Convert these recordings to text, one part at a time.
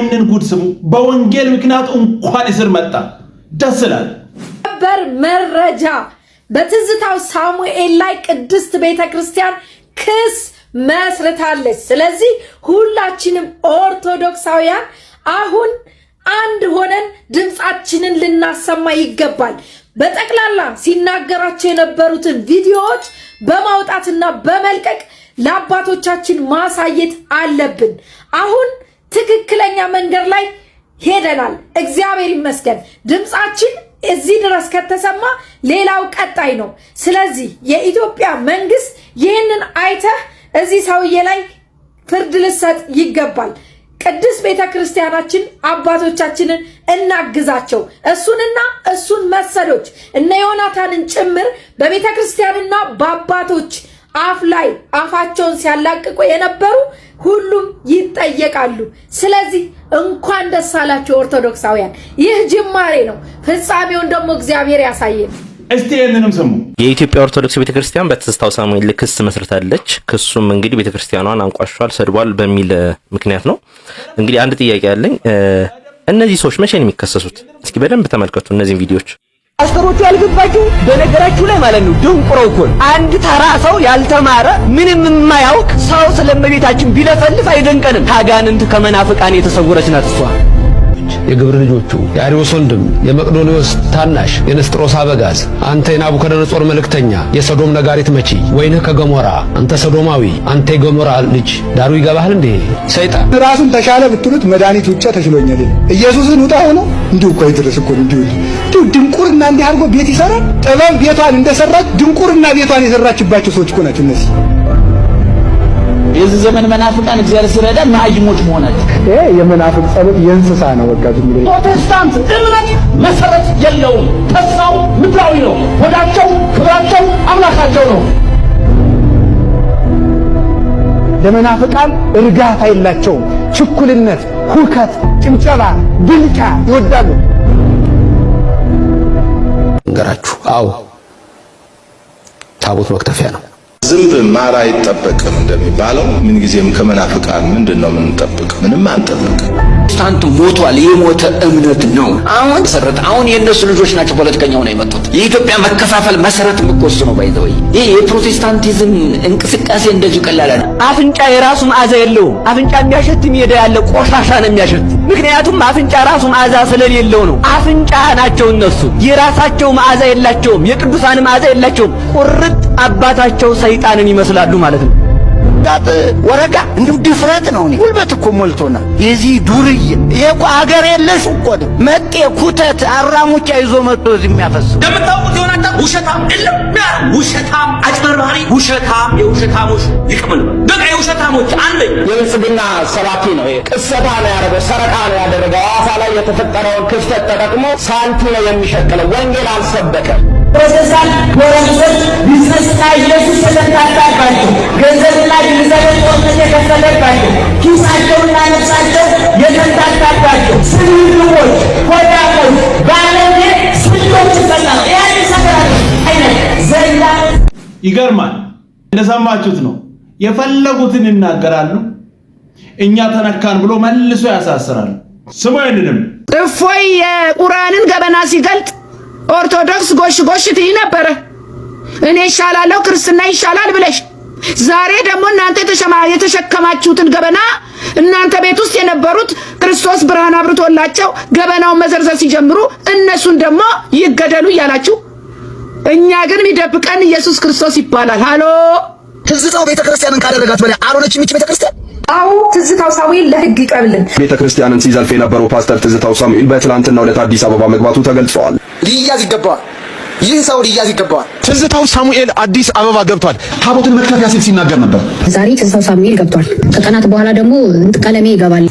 ይህንን ጉድ ስሙ። በወንጌል ምክንያት እንኳን እስር መጣ። ደስ ይላል። በር መረጃ በትዝታው ሳሙኤል ላይ ቅድስት ቤተ ክርስቲያን ክስ መስርታለች። ስለዚህ ሁላችንም ኦርቶዶክሳውያን አሁን አንድ ሆነን ድምፃችንን ልናሰማ ይገባል። በጠቅላላ ሲናገራቸው የነበሩትን ቪዲዮዎች በማውጣትና በመልቀቅ ለአባቶቻችን ማሳየት አለብን አሁን ትክክለኛ መንገድ ላይ ሄደናል። እግዚአብሔር ይመስገን። ድምፃችን እዚህ ድረስ ከተሰማ ሌላው ቀጣይ ነው። ስለዚህ የኢትዮጵያ መንግስት ይህንን አይተህ እዚህ ሰውዬ ላይ ፍርድ ልሰጥ ይገባል። ቅድስት ቤተ ክርስቲያናችን አባቶቻችንን እናግዛቸው። እሱንና እሱን መሰሎች እነ ዮናታንን ጭምር በቤተ ክርስቲያንና በአባቶች አፍ ላይ አፋቸውን ሲያላቅቁ የነበሩ ሁሉም ይጠየቃሉ። ስለዚህ እንኳን ደስ አላችሁ ኦርቶዶክሳውያን፣ ይህ ጅማሬ ነው። ፍጻሜውን ደግሞ እግዚአብሔር ያሳየን። እስቲ ይህንንም ስሙ። የኢትዮጵያ ኦርቶዶክስ ቤተክርስቲያን በትዝታው ሳሙኤል ክስ መስርታለች። ክሱም እንግዲህ ቤተክርስቲያኗን አንቋሿል፣ ሰድቧል በሚል ምክንያት ነው። እንግዲህ አንድ ጥያቄ ያለኝ እነዚህ ሰዎች መቼ ነው የሚከሰሱት? እስኪ በደንብ ተመልከቱ እነዚህን ቪዲዮዎች። ፓስተሮቹ ያልገባችሁ በነገራችሁ ላይ ማለት ነው። ደንቁረው እኮ አንድ ተራ ሰው ያልተማረ ምንም የማያውቅ ሰው ስለመቤታችን ቢለፈልፍ አይደንቀንም። ታጋንንት ከመናፍቃን የተሰወረች ናት እሷ። የግብር ልጆቹ የአርዮስ ወንድም የመቅዶኒዮስ ታናሽ የንስጥሮስ አበጋዝ አንተ የናቡከደነጾር መልእክተኛ የሰዶም ነጋሪት መቺ ወይንህ ከገሞራ አንተ ሰዶማዊ አንተ የገሞራ ልጅ ዳሩ ይገባሃል እንዴ ሰይጣን ራሱን ተሻለ ብትሉት መድኃኒት ውጫ ተሽሎኛል ኢየሱስን ውጣ ሆኖ እንዲሁ እኮ ይድረስ እኮ እንዲሁ እንዲሁ ድንቁርና እንዲህ አድርጎ ቤት ይሰራል ጥበብ ቤቷን እንደሰራች ድንቁርና ቤቷን የሰራችባቸው ሰዎች እኮ ናቸው እነዚህ የዚህ ዘመን መናፍቃን እግዚአብሔር ሲረዳ ማዕይሞች መሆናቸው። ይሄ የመናፍቅ ጸሎት የእንስሳ ነው። በቃ ዝም ብሎ ፕሮቴስታንት እምነት መሰረት የለውም። ተስፋው ምድራዊ ነው። ወዳቸው ክብራቸው አምላካቸው ነው። ለመናፍቃን እርጋታ የላቸውም። ችኩልነት፣ ሁከት፣ ጭምጨባ፣ ብልጫ ይወዳሉ። እንገራችሁ አዎ ታቦት መክተፊያ ነው። ዝንብ ማር አይጠበቅም እንደሚባለው ምንጊዜም ከመናፍቃን ምንድን ነው የምንጠብቅ? ምንም አንጠብቅ። ስታንት ሞቷል። የሞተ እምነት ነው። አሁን መሰረት አሁን የእነሱ ልጆች ናቸው ፖለቲከኛ ነው የመጡት። የኢትዮጵያ መከፋፈል መሰረት የምትወስ ነው ባይዘወይ ይህ የፕሮቴስታንቲዝም እንቅስቃሴ እንደዚሁ ቀላል ነው። አፍንጫ የራሱ መዓዛ የለውም። አፍንጫ የሚያሸት ሜዳ ያለ ቆሻሻ ነው የሚያሸት። ምክንያቱም አፍንጫ ራሱ መዓዛ ስለሌለው ነው። አፍንጫ ናቸው እነሱ። የራሳቸው መዓዛ የላቸውም። የቅዱሳን መዓዛ የላቸውም። ቁርጥ አባታቸው ሳይ ሰይጣንን ይመስላሉ ማለት ነው። ማስወጣት ወረጋ እንዲሁ ድፍረት ነው። እኔ ጉልበት እኮ ሞልቶና የዚህ ዱርዬ ይሄ አገር የለሽ እኮ ነው። መጤ ኩተት አራሙጫ ይዞ መጥቶ እዚህ የሚያፈስ እንደምታውቁት የሆናታ ውሸታም የለም ውሸታም አጭበርባሪ ውሸታም የውሸታሞች ይቅምል በቃ የውሸታሞች አንደኝ የብልጽግና ሰባኪ ነው። ቅሰታ ነው ያደረገው፣ ሰረቃ ነው ያደረገው። አዋሳ ላይ የተፈጠረውን ክፍተት ተጠቅሞ ሳንቲ ነው የሚሸቅለው። ወንጌል አልሰበከም። ፕሮቴስታንት ቢዝነስ ቢዝነስና ኢየሱስ ተሰንታጣባቸው ገንዘብና እንግሊዝ ሀገር ጦርነት የከፈተባቸው ኪሳቸውና ነፍሳቸው የተንታታባቸው ሆዳሞች ስንቶች አይነት ዘላ ይገርማል። እንደሰማችሁት ነው። የፈለጉትን ይናገራሉ። እኛ ተነካን ብሎ መልሶ ያሳስራል። ስሙ ይንንም እፎይ የቁርአንን ገበና ሲገልጥ ኦርቶዶክስ ጎሽ ጎሽ ትይ ነበረ። እኔ ይሻላለሁ ክርስትና ይሻላል ብለሽ ዛሬ ደግሞ እናንተ የተሸከማችሁትን ገበና እናንተ ቤት ውስጥ የነበሩት ክርስቶስ ብርሃን አብርቶላቸው ገበናውን መዘርዘር ሲጀምሩ እነሱን ደግሞ ይገደሉ እያላችሁ፣ እኛ ግን የሚደብቀን ኢየሱስ ክርስቶስ ይባላል። ሃሎ ትዝታው ቤተ ክርስቲያንን ካደረጋት በላይ አልሆነችም ይህች ቤተ ክርስቲያን። አዎ ትዝታው ሳሙኤል ለህግ ይቀርብልን። ቤተ ክርስቲያንን ሲዘልፍ የነበረው ፓስተር ትዝታው ሳሙኤል በትላንትናው ዕለት አዲስ አበባ መግባቱ ተገልጿል። ሊያዝ ይገባዋል። ይህ ሰው ሊያዝ ይገባዋል። ትዝታው ሳሙኤል አዲስ አበባ ገብቷል። ታቦትን መክተፊያ ያሲል ሲናገር ነበር። ዛሬ ትዝታው ሳሙኤል ገብቷል። ከቀናት በኋላ ደግሞ ቀለሜ ይገባል።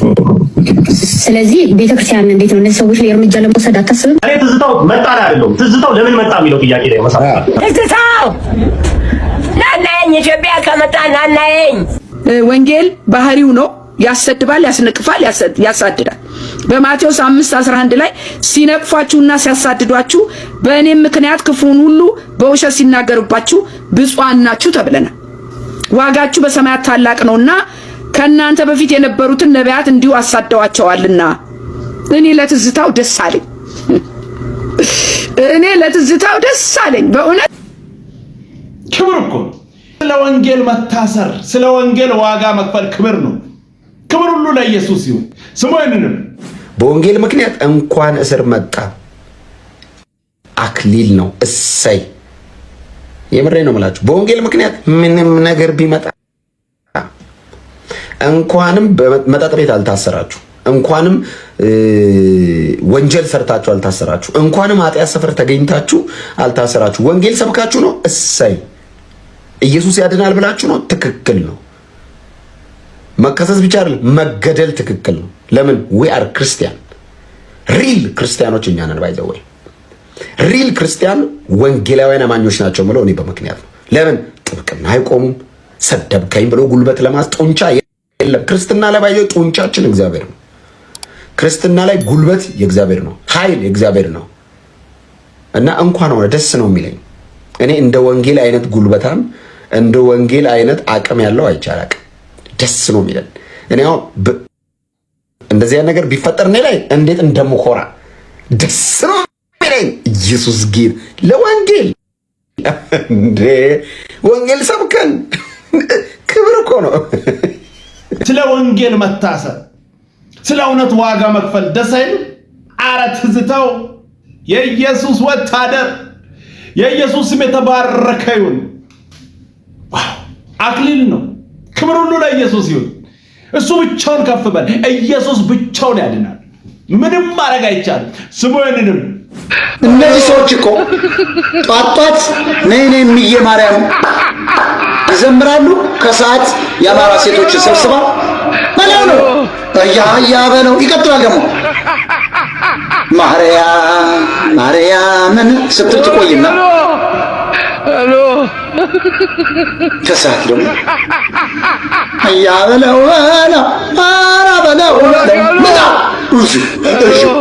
ስለዚህ ቤተክርስቲያን እንዴት ነው እነዚህ ሰዎች ላይ እርምጃ ለመውሰድ አታስብም? እኔ ትዝታው መጣ አይደለም ትዝታው ለምን መጣ የሚለው ጥያቄ ላይ መሳ ትዝታው ናናየኝ ኢትዮጵያ ከመጣ ናናየኝ ወንጌል ባህሪው ነው። ያሰድባል፣ ያስነቅፋል፣ ያሳድዳል በማቴዎስ 5:11 ላይ ሲነቅፏችሁና ሲያሳድዷችሁ በእኔም ምክንያት ክፉን ሁሉ በውሸት ሲናገሩባችሁ ብፁዓን ናችሁ ተብለናል። ዋጋችሁ በሰማያት ታላቅ ነውና ከእናንተ በፊት የነበሩትን ነቢያት እንዲሁ አሳደዋቸዋልና። እኔ ለትዝታው ደስ አለኝ። እኔ ለትዝታው ደስ አለኝ። በእውነት ክብር እኮ ስለ ወንጌል መታሰር፣ ስለ ወንጌል ዋጋ መክፈል ክብር ነው። ክብር ሁሉ ለኢየሱስ ይሁን። ስሙ ይንንም በወንጌል ምክንያት እንኳን እስር መጣ አክሊል ነው። እሰይ የምሬ ነው የምላችሁ። በወንጌል ምክንያት ምንም ነገር ቢመጣ እንኳንም መጠጥ ቤት አልታሰራችሁ፣ እንኳንም ወንጀል ሰርታችሁ አልታሰራችሁ፣ እንኳንም ኃጢአት ሰፈር ተገኝታችሁ አልታሰራችሁ። ወንጌል ሰብካችሁ ነው። እሰይ ኢየሱስ ያድናል ብላችሁ ነው። ትክክል ነው። መከሰስ ብቻ አይደለም መገደል ትክክል ነው። ለምን ዊ አር ክርስቲያን ሪል ክርስቲያኖች እኛ ነን። ባይ ዘ ወይ ሪል ክርስቲያን ወንጌላውያን አማኞች ናቸው ብለው እኔ በምክንያት ነው። ለምን ጥብቅና አይቆሙም። ሰደብከኝ ብሎ ጉልበት ለማስ ጡንቻ የለም። ክርስትና ላይ ባይዘ ጡንቻችን እግዚአብሔር ነው። ክርስትና ላይ ጉልበት የእግዚአብሔር ነው። ኃይል የእግዚአብሔር ነው። እና እንኳን ሆነ ደስ ነው የሚለኝ እኔ እንደ ወንጌል አይነት ጉልበታም እንደ ወንጌል አይነት አቅም ያለው አይቻላል ደስ ነው የሚለን። እኔ አሁን ነገር ቢፈጠር እኔ ላይ እንዴት እንደምኮራ ደስ ነው የሚለኝ። ኢየሱስ ጌር ለወንጌል እንዴ ወንጌል ሰብከን ክብር እኮ ነው። ስለ ወንጌል መታሰር፣ ስለ እውነት ዋጋ መክፈል ደስ አይሉ አረት ትዝታው የኢየሱስ ወታደር የኢየሱስ ስም የተባረከ ይሁን። አክሊል ነው ክብር ሁሉ ለኢየሱስ ይሁን። እሱ ብቻውን ከፍ በል። ኢየሱስ ብቻውን ያድናል። ምንም ማድረግ አይቻልም። ስሙ ይንንም እነዚህ ሰዎች እኮ ጧጧት ነይ ነይ እምዬ ማርያም ይዘምራሉ። ከሰዓት የአማራ ሴቶች ሰብስባ በለው ነው እያ እያ በለው ይቀጥላል። ደግሞ ማርያም ማርያምን ስትል ትቆይና ከሰዓት ደግሞ አያ በለው በለው ኧረ በለው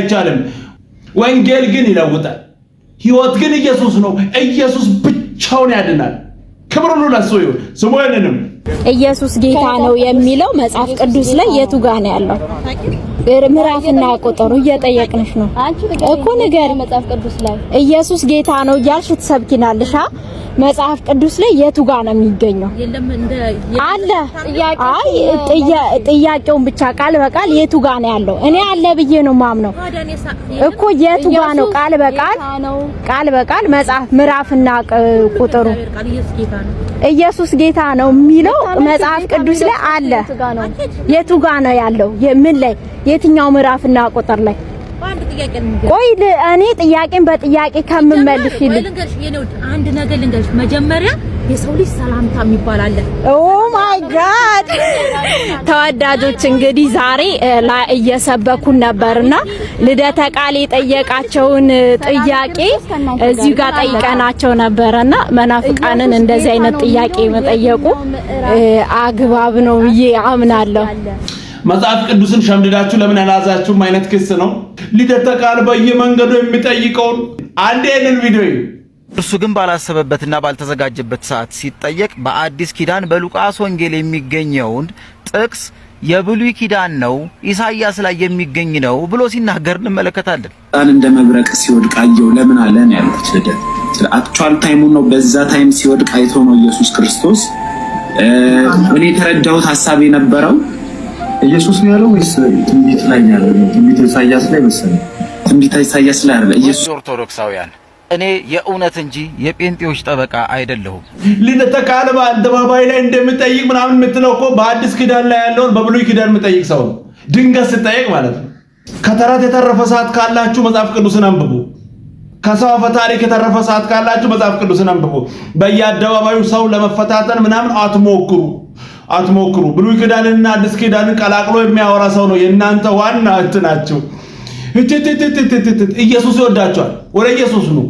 አይቻልም። ወንጌል ግን ይለውጣል። ህይወት ግን ኢየሱስ ነው። ኢየሱስ ብቻውን ያድናል። ክብር ሁሉ ለሱ ይሁን። ስሙ ይንንም ኢየሱስ ጌታ ነው የሚለው መጽሐፍ ቅዱስ ላይ የቱ ጋር ነው ያለው? ምዕራፍና ቁጥሩ እየጠየቅንሽ ነው እኮ ነገር። ኢየሱስ ጌታ ነው እያልሽ ትሰብኪናለሽ። መጽሐፍ ቅዱስ ላይ የቱ ጋር ነው የሚገኘው? አለ ጥያቄውን ብቻ ቃል በቃል የቱ ጋር ነው ያለው? እኔ አለ ብዬ ነው ማምነው እኮ የቱ ጋር ነው ቃል በቃል ቃል በቃል መጽሐፍ ምዕራፍና ቁጥሩ ኢየሱስ ጌታ ነው የሚለው መጽሐፍ ቅዱስ ላይ አለ። የቱ ጋር ነው ያለው? ምን ላይ? የትኛው ምዕራፍና ቁጥር ላይ ቆይ እኔ ጥያቄን በጥያቄ ከምመልሽልኝ አንድ ነገር ልንገርሽ። መጀመሪያ የሰው ልጅ ሰላምታ የሚባል አለ። ኦ ማይ ጋድ ተወዳጆች፣ እንግዲህ ዛሬ እየሰበኩን ነበርና ልደተ ቃል የጠየቃቸውን ጥያቄ እዚሁ ጋር ጠይቀናቸው ነበረና መናፍቃንን እንደዚህ አይነት ጥያቄ መጠየቁ አግባብ ነው ብዬ አምናለሁ። መጽሐፍ ቅዱስን ሸምድዳችሁ ለምን ያላዛችሁም አይነት ክስ ነው። ልደተ ቃል በየመንገዱ የሚጠይቀውን አንድ ይህንን ቪዲዮ እርሱ ግን ባላሰበበትና ባልተዘጋጀበት ሰዓት ሲጠየቅ በአዲስ ኪዳን በሉቃስ ወንጌል የሚገኘውን ጥቅስ የብሉይ ኪዳን ነው፣ ኢሳይያስ ላይ የሚገኝ ነው ብሎ ሲናገር እንመለከታለን። ጣን እንደ መብረቅ ሲወድቅ አየው ለምን አለ ነው ያሉት። አክቹዋል ታይሙ ነው። በዛ ታይም ሲወድቅ አይቶ ነው ኢየሱስ ክርስቶስ። እኔ የተረዳሁት ሀሳብ የነበረው ኢየሱስ ነው ያለው ወይስ ትንቢት ላይ ያለው? ትንቢት ኢሳያስ ላይ መሰለኝ። ትንቢት ኢሳያስ ላይ አይደለ? ኢየሱስ ኦርቶዶክሳውያን እኔ የእውነት እንጂ የጴንጤዎች ጠበቃ አይደለሁም። ልተካለ በአደባባይ ላይ እንደምጠይቅ ምናምን የምትለው እኮ በአዲስ ኪዳን ላይ ያለውን በብሉይ ኪዳን የምጠይቅ ሰው ድንገት ስጠይቅ ማለት ነው። ከተረት የተረፈ ሰዓት ካላችሁ መጽሐፍ ቅዱስን አንብቡ። ከሰው አፈ ታሪክ የተረፈ ሰዓት ካላችሁ መጽሐፍ ቅዱስን አንብቡ። በየአደባባዩ ሰው ለመፈታተን ምናምን አትሞክሩ። አትሞክሩ። ብሉይ ኪዳንና አዲስ ኪዳንን ቀላቅሎ የሚያወራ ሰው ነው የእናንተ ዋና እንትናችሁ። ኢየሱስ ይወዳቸዋል። ወደ ኢየሱስ ነው።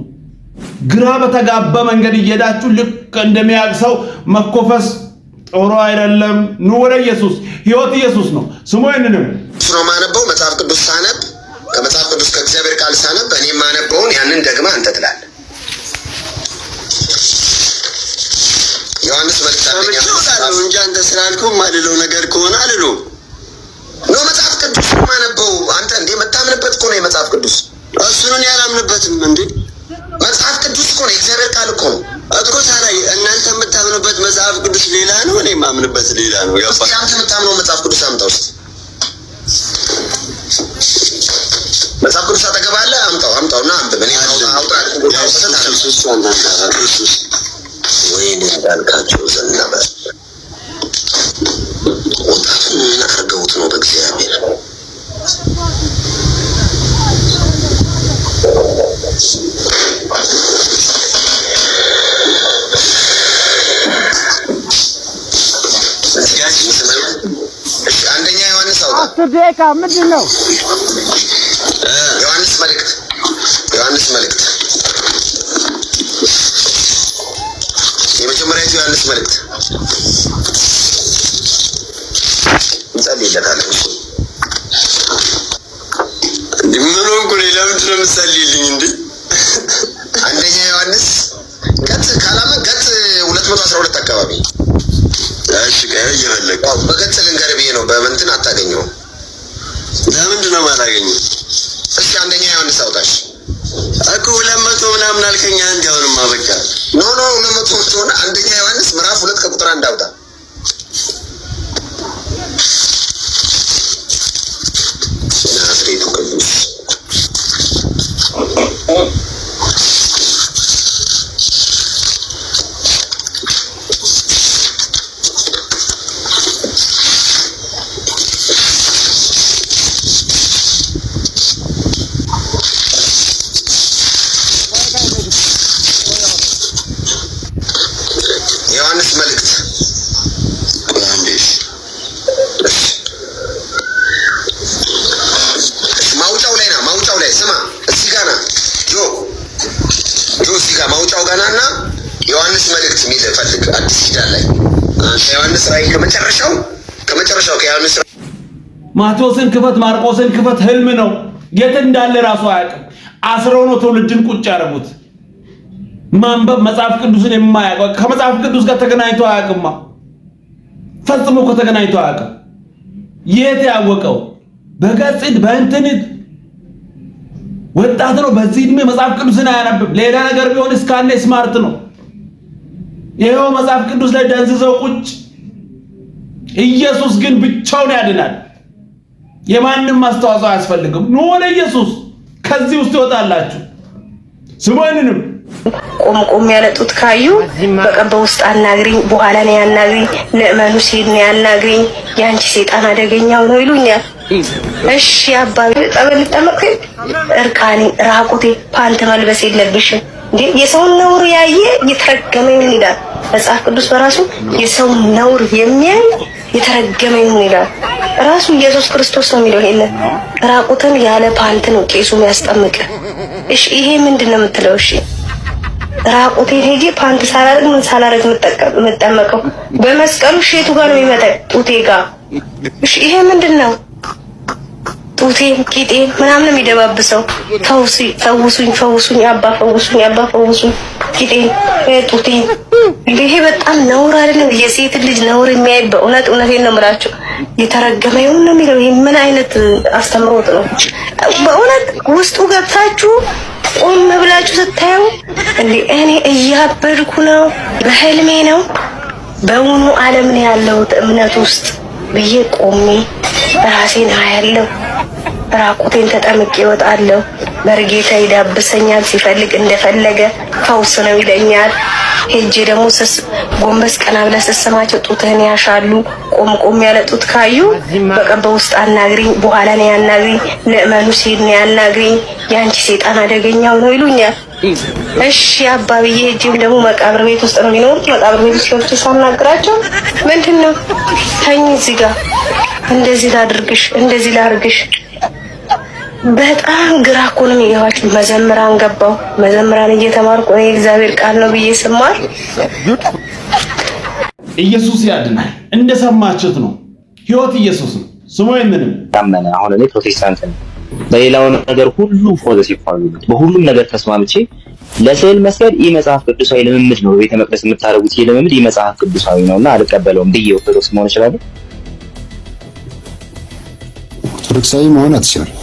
ግራ በተጋባ መንገድ እየሄዳችሁ ልክ እንደሚያውቅ ሰው መኮፈስ ጥሩ አይደለም። ኑ ወደ ኢየሱስ። ህይወት ኢየሱስ ነው ስሙ። ይንንም ነው ማነበው መጽሐፍ ቅዱስ ሳነብ ከመጽሐፍ ቅዱስ ከእግዚአብሔር ቃል ሳነብ እኔ ማነበውን ያንን ደግማ አንተ ትላለህ ዮሐንስ መልእክት እንጂ አንተ ስላልከው ማልለው ነገር ከሆነ አልለው ነው። መጽሐፍ ቅዱስ ማነበው አንተ እንዴ መታምንበት እኮ ነው የመጽሐፍ ቅዱስ እሱንን ያላምንበትም እንዴ መጽሐፍ ቅዱስ እኮ ነው የእግዚአብሔር ቃል እኮ ነው። አጥሮታ እናንተ የምታምኑበት መጽሐፍ ቅዱስ ሌላ ነው፣ እኔ የማምንበት ሌላ ነው። ያባ አንተ የምታምነው መጽሐፍ ቅዱስ አምጣ ውስጥ መጽሐፍ ቅዱስ አጠገብ አለ። አምጣው አምጣውና አንብብ። እኔ አውጣ አውጣ ወይኔ እንዳልካቸው ዘነበ። ወጣቱን ምን አድርገውት ነው? በእግዚአብሔር አንደኛ ዮሐንስ አውጣ። አስር ደቂቃ ምንድን ነው? ዮሐንስ መልእክት እንጸልይለታለን። ምን ሆንኩ እኔ? ለምንድን ነው የምትጸልይልኝ? እንደ አንደኛ ዮሐንስ ገጽ ካላመ ገጽ ሁለት መቶ አስራ ሁለት አካባቢ እሺ፣ እየፈለግ በገጽ ልንገርህ ብዬ ነው። በእንትን አታገኘውም። ለምንድን ነው የማላገኘው? እስኪ አንደኛ ዮሐንስ አውጣሽ እኮ ሁለት መቶ ምናምን አልከኝ። አንድ አሁንማ በቃ ኖ ኖ ሁለት መቶ ሆነ። አንደኛ ዮሐንስ ምዕራፍ ሁለት ከቁጥር አንድ አውጣ ላይ ከመጨረሻው ከመጨረሻው ማቴዎስን ክፈት፣ ማርቆስን ክፈት፣ ህልም ነው። የት እንዳለ ራሱ አያውቅም። አስረው ነው ትውልድን ቁጭ ያደረጉት። ማንበብ መጽሐፍ ቅዱስን የማያውቅ ከመጽሐፍ ቅዱስ ጋር ተገናኝቶ አያውቅማ። ፈጽሞ ከተገናኝቶ አያውቅም። የት ያወቀው? በገጽድ በእንትን ወጣት ነው። በዚህ እድሜ መጽሐፍ ቅዱስን አያነብም። ሌላ ነገር ቢሆን እስካለ ስማርት ነው። ይሄው መጽሐፍ ቅዱስ ላይ ደንዝዘው ቁጭ ኢየሱስ ግን ብቻውን ያድናል። የማንም አስተዋጽኦ አያስፈልግም። ኑ ወደ ኢየሱስ፣ ከዚህ ውስጥ ይወጣላችሁ። ስሙንንም ቆም ቆም ያለጡት ካዩ በቀን በውስጥ አናግሪኝ፣ በኋላ ነው ያናግሪኝ፣ ንዕመኑ ሲል ነው ያናግሪኝ፣ የአንቺ ሴጣን አደገኛው ነው ይሉኛል። እሺ አባቢ ጠበል ጠመቅ እርቃኔ፣ ራቁቴ፣ ፓንት መልበስ የለብሽም እንዴ! የሰውን ነውር ያየ እየተረገመ ይላል መጽሐፍ ቅዱስ በራሱ የሰውን ነውር የሚያይ የተረገመ ይሁን ይላል። ራሱ ኢየሱስ ክርስቶስ ነው የሚለው። ይሄን ራቁትን ያለ ፓንት ነው ቄሱ የሚያስጠምቅ። እሺ ይሄ ምንድን ነው የምትለው? እሺ ራቁቴን ሄጄ ፓንት ሳላረግ ምን ሳላረግ የምጠመቀው በመስቀሉ ሼቱ ጋር ነው የሚመጣው ጡቴ ጋር። እሺ ይሄ ምንድን ነው? ጡቴን ቂጤም ምናምን የሚደባብሰው ፈውሱኝ ፈውሱኝ አባ ፈውሱኝ አባ ፈውሱኝ ቂጤም ጡቴም ይሄ በጣም ነውር አይደለም። የሴት ልጅ ነውር የሚያይ በእውነት እውነቴን ነው የምላቸው የተረገመ ይሁን ነው የሚለው። ይህ ምን አይነት አስተምሮት ነው? በእውነት ውስጡ ገብታችሁ ቆም ብላችሁ ስታዩ እንዴ እኔ እያበድኩ ነው፣ በህልሜ ነው፣ በውኑ አለምን ነው ያለሁት እምነት ውስጥ ብዬ ቆሜ ራሴን አያለሁ። ራቁቴን ተጠምቄ እወጣለሁ። መርጌታ ይዳብሰኛል፣ ሲፈልግ እንደፈለገ ፈውስ ነው ይለኛል። ሄጄ ደግሞ ጎንበስ ቀና ብለ ስስማቸው ጡትህን ያሻሉ። ቆም ቆም ያለ ጡት ካዩ በቃ በውስጥ አናግሪኝ፣ በኋላ ነው ያናግሪኝ፣ ለእመኑ ሲል ነው ያናግሪኝ፣ የአንቺ ሴጣን አደገኛው ነው ይሉኛል። እሺ አባብዬ ሄጄም ደግሞ መቃብር ቤት ውስጥ ነው የሚኖሩት። መቃብር ቤት ውስጥ ገብቼ ሳናግራቸው ምንድን ነው ተኝ እዚህ ጋር እንደዚህ ላድርግሽ፣ እንደዚህ ላድርግሽ በጣም ግራ እኮ ነው የሚገባችሁ። መዘምራን ገባው መዘምራን እየተማርኩ እኔ እግዚአብሔር ቃል ነው ብዬ ስማል ኢየሱስ ያድናል። እንደሰማችሁት ነው። ህይወት ኢየሱስ ነው። ስሙ ይምንም ታመነ። አሁን እኔ ፕሮቴስታንት ነኝ። በሌላው ነገር ሁሉ ፖዘቲቭ ፋሚሊ፣ በሁሉም ነገር ተስማምቼ ለስዕል መስገድ ይህ መጽሐፍ ቅዱሳዊ ልምምድ ነው። በቤተ መቅደስ የምታደርጉት ይህ ልምምድ ይህ መጽሐፍ ቅዱሳዊ ነውና አልቀበለውም ብዬ ኦርቶዶክስ መሆን እችላለሁ። ኦርቶዶክሳዊ መሆን አትችልም።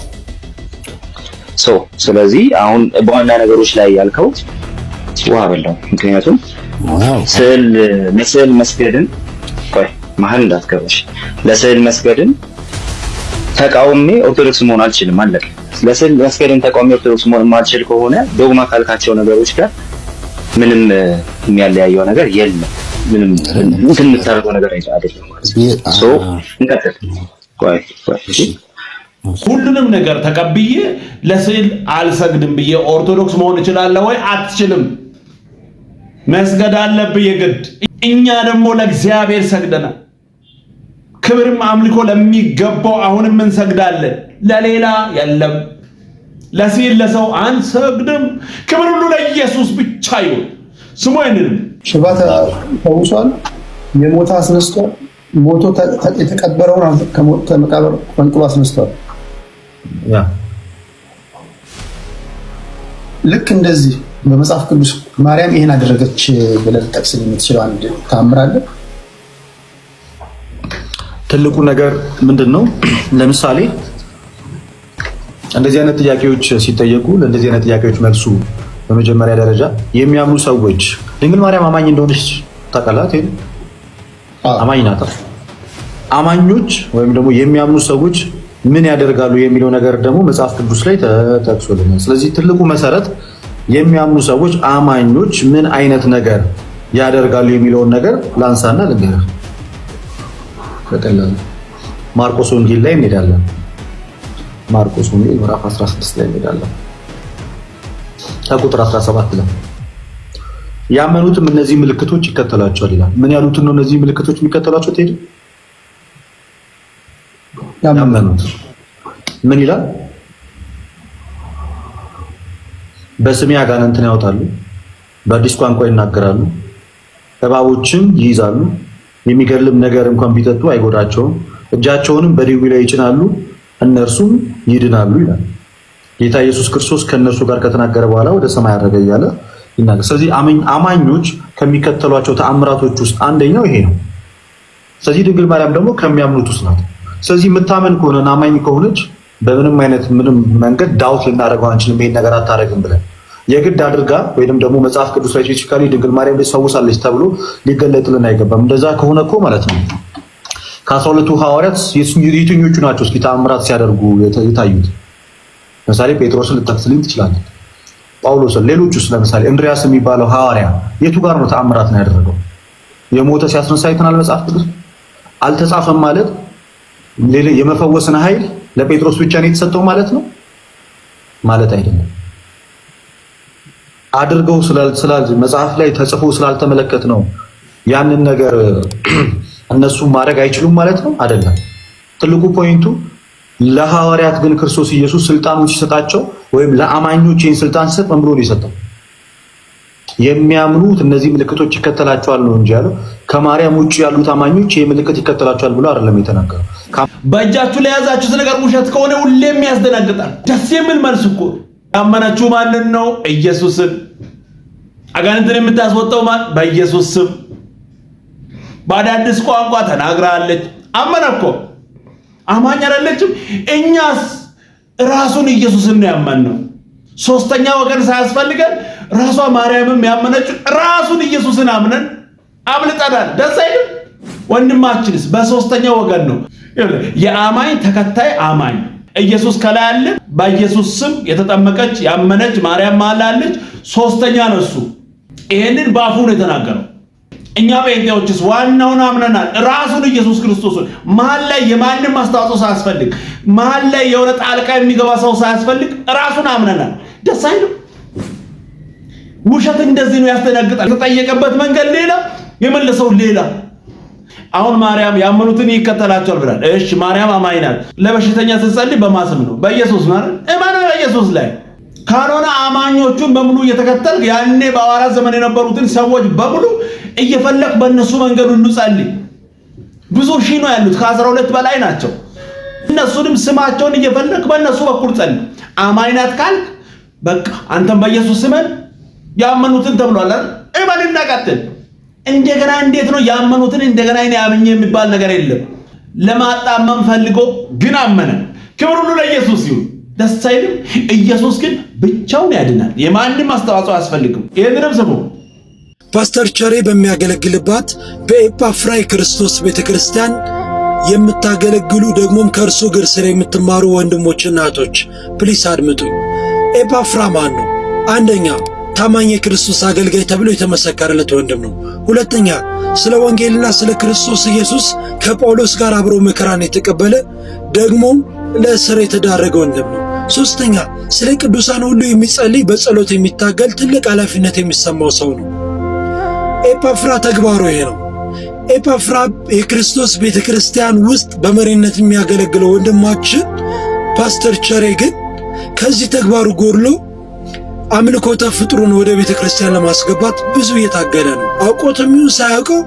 ሶ ስለዚህ አሁን በዋና ነገሮች ላይ ያልከው ውሃ በላው። ምክንያቱም ስዕል ለስዕል መስገድን ቆይ መሀል እንዳትገባሽ። ለስዕል መስገድን ተቃውሜ ኦርቶዶክስ መሆን አልችልም። አለቀ። ለስዕል መስገድን ተቃውሜ ኦርቶዶክስ መሆን የማልችል ከሆነ ዶግማ ካልካቸው ነገሮች ጋር ምንም የሚያለያየው ነገር የለም። ምንም እንትን የምታደርገው ነገር አይደለም ማለት ነው። እንቀጥል። ቆይ ቆይ ሁሉንም ነገር ተቀብዬ ለስዕል አልሰግድም ብዬ ኦርቶዶክስ መሆን እችላለሁ ወይ? አትችልም። መስገድ አለብህ የግድ። እኛ ደግሞ ለእግዚአብሔር ሰግደናል። ክብርም አምልኮ ለሚገባው አሁንም እንሰግዳለን። ለሌላ የለም። ለስዕል ለሰው አንሰግድም። ክብር ሁሉ ለኢየሱስ ብቻ ይሁን። ስሙ ይንንም ሽባት ተውሷል። የሞታ አስነስቷል። ሞቶ የተቀበረውን ከመቃብር አንቅሎ አስነስቷል። ልክ እንደዚህ በመጽሐፍ ቅዱስ ማርያም ይህን አደረገች ብለን ጠቅስል የምትችለው አንድ ታምር አለ። ትልቁ ነገር ምንድን ነው? ለምሳሌ እንደዚህ አይነት ጥያቄዎች ሲጠየቁ ለእንደዚህ አይነት ጥያቄዎች መልሱ በመጀመሪያ ደረጃ የሚያምኑ ሰዎች ድንግል ማርያም አማኝ እንደሆነች ታውቃላት? አማኝ ናት። አማኞች ወይም ደግሞ የሚያምኑ ሰዎች ምን ያደርጋሉ የሚለው ነገር ደግሞ መጽሐፍ ቅዱስ ላይ ተጠቅሶልናል። ስለዚህ ትልቁ መሰረት የሚያምኑ ሰዎች አማኞች ምን አይነት ነገር ያደርጋሉ የሚለውን ነገር ላንሳና ልንገርህ። በቀላሉ ማርቆስ ወንጌል ላይ እንሄዳለን። ማርቆስ ወንጌል ምዕራፍ 16 ላይ እንሄዳለን ከቁጥር 17 ላይ ያመኑትም እነዚህ ምልክቶች ይከተሏቸዋል ይላል። ምን ያሉትን ነው እነዚህ ምልክቶች የሚከተሏቸው? ትሄድ ያመኑት ምን ይላል? በስሜ አጋንንትን ያወጣሉ፣ በአዲስ ቋንቋ ይናገራሉ፣ እባቦችን ይይዛሉ፣ የሚገድልም ነገር እንኳን ቢጠጡ አይጎዳቸውም፣ እጃቸውንም በድዊ ላይ ይጭናሉ፣ እነርሱም ይድናሉ ይላል። ጌታ ኢየሱስ ክርስቶስ ከእነርሱ ጋር ከተናገረ በኋላ ወደ ሰማይ አረገ እያለ ይናገር። ስለዚህ አማኞች ከሚከተሏቸው ተአምራቶች ውስጥ አንደኛው ይሄ ነው። ስለዚህ ድንግል ማርያም ደግሞ ከሚያምኑት ውስጥ ናት። ስለዚህ የምታመን ከሆነ አማኝ ከሆነች በምንም አይነት ምንም መንገድ ዳውት ልናደርገው አንችልም። ይሄን ነገር አታደርግም ብለን የግድ አድርጋ ወይም ደግሞ መጽሐፍ ቅዱስ ላይ ስፔሲፊካሊ ድንግል ማርያም ሰውሳለች ተብሎ ሊገለጥልን አይገባም። እንደዛ ከሆነ እኮ ማለት ነው ከአስራ ሁለቱ ሐዋርያት የትኞቹ ናቸው እስኪ ተአምራት ሲያደርጉ የታዩት? ለምሳሌ ጴጥሮስን ልጠቅስልኝ ትችላለን። ጳውሎስን፣ ሌሎቹስ? ለምሳሌ እንድሪያስ የሚባለው ሐዋርያ የቱ ጋር ነው ተአምራት ነው ያደረገው? የሞተ ሲያስነሳ አይተናል መጽሐፍ ቅዱስ አልተጻፈም ማለት የመፈወስን ኃይል ለጴጥሮስ ብቻ ነው የተሰጠው ማለት ነው ማለት አይደለም። አድርገው መጽሐፍ ላይ ተጽፎ ስላልተመለከት ነው ያንን ነገር እነሱ ማድረግ አይችሉም ማለት ነው አይደለም። ትልቁ ፖይንቱ ለሐዋርያት ግን ክርስቶስ ኢየሱስ ስልጣኑን ሲሰጣቸው ወይም ለአማኞች ይህን ስልጣን ስጥ ምን ነው የሰጠው? የሚያምኑት እነዚህ ምልክቶች ይከተላቸዋል ነው እንጂ ያለው ከማርያም ውጭ ያሉ ታማኞች ይህ ምልክት ይከተላቸዋል ብሎ አይደለም የተናገረው። በእጃችሁ ላይ ያዛችሁት ነገር ውሸት ከሆነ ሁሌም ያስደናግጣል። ደስ የሚል መልስ እኮ ያመናችሁ ማንን ነው? ኢየሱስን። አጋንንትን የምታስወጣው ማን? በኢየሱስ ስም። በአዳዲስ ቋንቋ ተናግራለች። አመነ እኮ አማኝ አይደለችም። እኛስ ራሱን ኢየሱስን ነው ያመን ነው ሶስተኛ ወገን ሳያስፈልገን ራሷ ማርያምም ያመነችው ራሱን ኢየሱስን አምነን አምልጠናል። ደስ አይልም? ወንድማችንስ በሶስተኛ ወገን ነው። የአማኝ ተከታይ አማኝ ኢየሱስ ከላይ አለ። በኢየሱስ ስም የተጠመቀች ያመነች ማርያም ማላለች። ሶስተኛ ነው እሱ። ይሄንን በአፉ ነው የተናገረው። እኛ ጴንጤዎችስ ዋናውን አምነናል። ራሱን ኢየሱስ ክርስቶስን መሀል ላይ የማንም አስተዋጽኦ ሳያስፈልግ፣ መሀል ላይ የሆነ ጣልቃ የሚገባ ሰው ሳያስፈልግ ራሱን አምነናል። ደስ አይልም። ውሸት እንደዚህ ነው ያስተናግጣል። የተጠየቀበት መንገድ ሌላ፣ የመለሰው ሌላ። አሁን ማርያም ያመኑትን ይከተላቸዋል ብላል። እሺ ማርያም አማኝ ናት። ለበሽተኛ ስትጸልይ በማስም ነው በኢየሱስ ማለት እማና በኢየሱስ ላይ ካልሆነ አማኞቹን በሙሉ እየተከተል ያኔ በሐዋርያት ዘመን የነበሩትን ሰዎች በሙሉ እየፈለቅ በእነሱ መንገድ ሁሉ ጸልይ። ብዙ ሺህ ነው ያሉት፣ ከአስራ ሁለት በላይ ናቸው። እነሱንም ስማቸውን እየፈለቅ በእነሱ በኩል ጸልይ። አማኝ ናት ካልክ በቃ አንተም በኢየሱስ ስመን ያመኑትን ተብሏል አይደል? እመንና እንደገና እንዴት ነው ያመኑትን እንደገና እኔ አምኜ የሚባል ነገር የለም። ለማጣመም ፈልጎ ግን አመነ። ክብር ሁሉ ለኢየሱስ ይሁን። ደስ አይልም? ኢየሱስ ግን ብቻውን ያድናል። የማንም አስተዋጽኦ አያስፈልግም። ይህንንም ስሙ። ፓስተር ቸሬ በሚያገለግልባት በኤጳፍራ የክርስቶስ ቤተ ክርስቲያን የምታገለግሉ ደግሞም ከእርሱ እግር ስር የምትማሩ ወንድሞችና እህቶች ፕሊስ አድምጡኝ። ኤፓፍራ ማን ነው? አንደኛ ታማኝ የክርስቶስ አገልጋይ ተብሎ የተመሰከረለት ወንድም ነው። ሁለተኛ ስለ ወንጌልና ስለ ክርስቶስ ኢየሱስ ከጳውሎስ ጋር አብሮ መከራን የተቀበለ ደግሞ ለእስር የተዳረገ ወንድም ነው። ሶስተኛ ስለ ቅዱሳን ሁሉ የሚጸልይ በጸሎት የሚታገል ትልቅ ኃላፊነት የሚሰማው ሰው ነው። ኤፓፍራ ተግባሩ ይሄ ነው። ኤፓፍራ የክርስቶስ ቤተ ክርስቲያን ውስጥ በመሪነት የሚያገለግለው ወንድማችን ፓስተር ቸሬ ግን ከዚህ ተግባሩ ጎድሎ አምልኮተ ፍጥሩን ወደ ቤተ ክርስቲያን ለማስገባት ብዙ እየታገለ ነው። አውቆትም ይሁን ሳያውቀው፣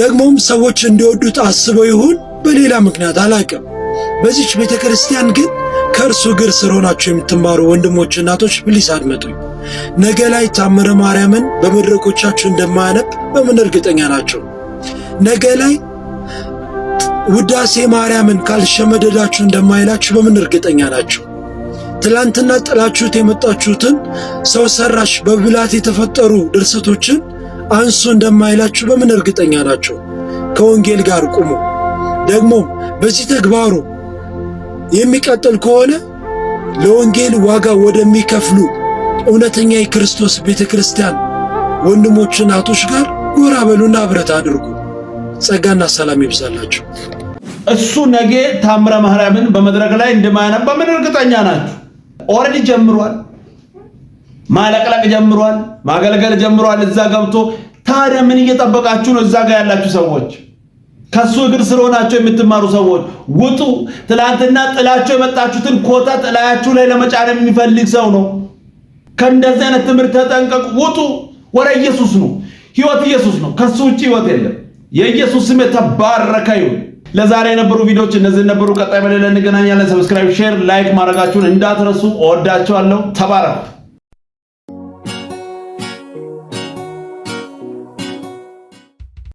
ደግሞም ሰዎች እንዲወዱት አስበው ይሁን በሌላ ምክንያት አላውቅም። በዚች ቤተ ክርስቲያን ግን ከእርሱ እግር ስር ሆናችሁ የምትማሩ ወንድሞች፣ እናቶች ፕሊስ አድመጡኝ። ነገ ላይ ታምረ ማርያምን በመድረኮቻችሁ እንደማያነብ በምን እርግጠኛ ናቸው? ነገ ላይ ውዳሴ ማርያምን ካልሸመደዳችሁ እንደማይላችሁ በምን እርግጠኛ ናቸው? ትላንትና ጥላችሁት የመጣችሁትን ሰው ሰራሽ በብላት የተፈጠሩ ድርሰቶችን አንሱ እንደማይላችሁ በምን እርግጠኛ ናቸው? ከወንጌል ጋር ቁሙ። ደግሞ በዚህ ተግባሩ የሚቀጥል ከሆነ ለወንጌል ዋጋ ወደሚከፍሉ እውነተኛ የክርስቶስ ቤተ ክርስቲያን ወንድሞች፣ እናቶች ጋር ጎራ በሉና ብረት አድርጉ። ጸጋና ሰላም ይብዛላችሁ። እሱ ነገ ታምረ ማርያምን በመድረክ ላይ እንደማያነባ ምን እርግጠኛ ናችሁ? ኦልሬዲ ጀምሯል። ማለቅለቅ ጀምሯል። ማገልገል ጀምሯል። እዛ ገብቶ ታዲያ ምን እየጠበቃችሁ ነው? እዛ ጋር ያላችሁ ሰዎች ከሱ እግር ስር ሆናችሁ የምትማሩ ሰዎች ውጡ። ትላንትና ጥላችሁ የመጣችሁትን ኮታ ጥላያችሁ ላይ ለመጫን የሚፈልግ ሰው ነው። ከእንደዚህ አይነት ትምህርት ተጠንቀቁ፣ ውጡ። ወደ ኢየሱስ ነው። ህይወት ኢየሱስ ነው። ከሱ ውጭ ህይወት የለም። የኢየሱስ ስም የተባረከ ይሁን። ለዛሬ የነበሩ ቪዲዮዎች እነዚህ ነበሩ። ቀጣይ በሌላ እንገናኛለን። ሰብስክራይብ፣ ሼር፣ ላይክ ማድረጋችሁን እንዳትረሱ። እወዳችኋለሁ። ተባረኩ።